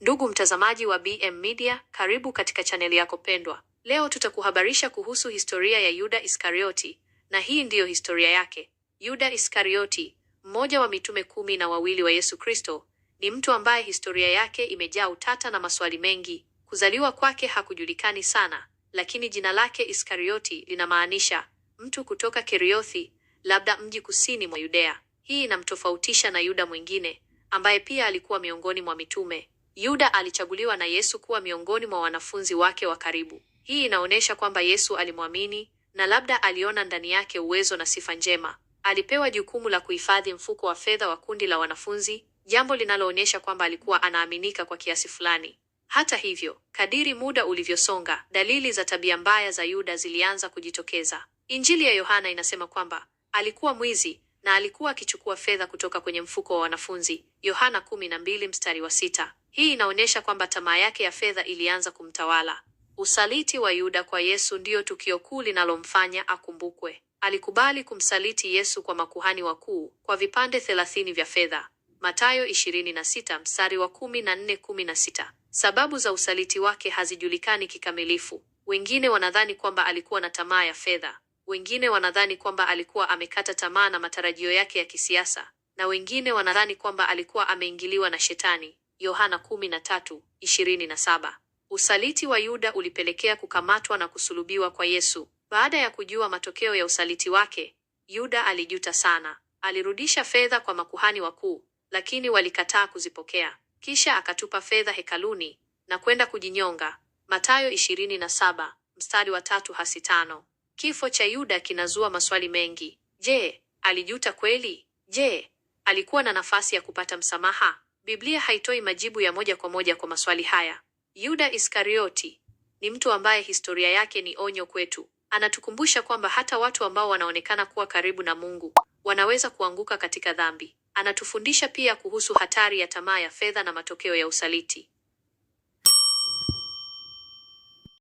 Ndugu mtazamaji wa BM Media, karibu katika chaneli yako pendwa. Leo tutakuhabarisha kuhusu historia ya Yuda Iskarioti, na hii ndiyo historia yake. Yuda Iskarioti, mmoja wa mitume kumi na wawili wa Yesu Kristo, ni mtu ambaye historia yake imejaa utata na maswali mengi. Kuzaliwa kwake hakujulikani sana, lakini jina lake Iskarioti linamaanisha mtu kutoka Keriothi, labda mji kusini mwa Yudea. Hii inamtofautisha na Yuda mwingine ambaye pia alikuwa miongoni mwa mitume. Yuda alichaguliwa na Yesu kuwa miongoni mwa wanafunzi wake wa karibu. Hii inaonyesha kwamba Yesu alimwamini na labda aliona ndani yake uwezo na sifa njema. Alipewa jukumu la kuhifadhi mfuko wa fedha wa kundi la wanafunzi, jambo linaloonyesha kwamba alikuwa anaaminika kwa kiasi fulani. Hata hivyo, kadiri muda ulivyosonga, dalili za tabia mbaya za Yuda zilianza kujitokeza. Injili ya Yohana inasema kwamba alikuwa mwizi, na alikuwa akichukua fedha kutoka kwenye mfuko wa wanafunzi, Yohana 12 mstari wa sita. Hii inaonyesha kwamba tamaa yake ya fedha ilianza kumtawala. Usaliti wa Yuda kwa Yesu ndiyo tukio kuu linalomfanya akumbukwe. Alikubali kumsaliti Yesu kwa makuhani wakuu kwa vipande thelathini vya fedha. Mathayo 26 mstari wa 14 16. Sababu za usaliti wake hazijulikani kikamilifu. Wengine wanadhani kwamba alikuwa na tamaa ya fedha. Wengine wanadhani kwamba alikuwa amekata tamaa na matarajio yake ya kisiasa na wengine wanadhani kwamba alikuwa ameingiliwa na shetani. Yohana 13:27. Usaliti wa Yuda ulipelekea kukamatwa na kusulubiwa kwa Yesu. Baada ya kujua matokeo ya usaliti wake, Yuda alijuta sana. Alirudisha fedha kwa makuhani wakuu, lakini walikataa kuzipokea. Kisha akatupa fedha hekaluni na kwenda kujinyonga. Mathayo 27 mstari wa tatu hasi tano. Kifo cha Yuda kinazua maswali mengi. Je, alijuta kweli? Je, alikuwa na nafasi ya kupata msamaha? Biblia haitoi majibu ya moja kwa moja kwa maswali haya. Yuda Iskarioti ni mtu ambaye historia yake ni onyo kwetu. Anatukumbusha kwamba hata watu ambao wanaonekana kuwa karibu na Mungu wanaweza kuanguka katika dhambi. Anatufundisha pia kuhusu hatari ya tamaa ya fedha na matokeo ya usaliti.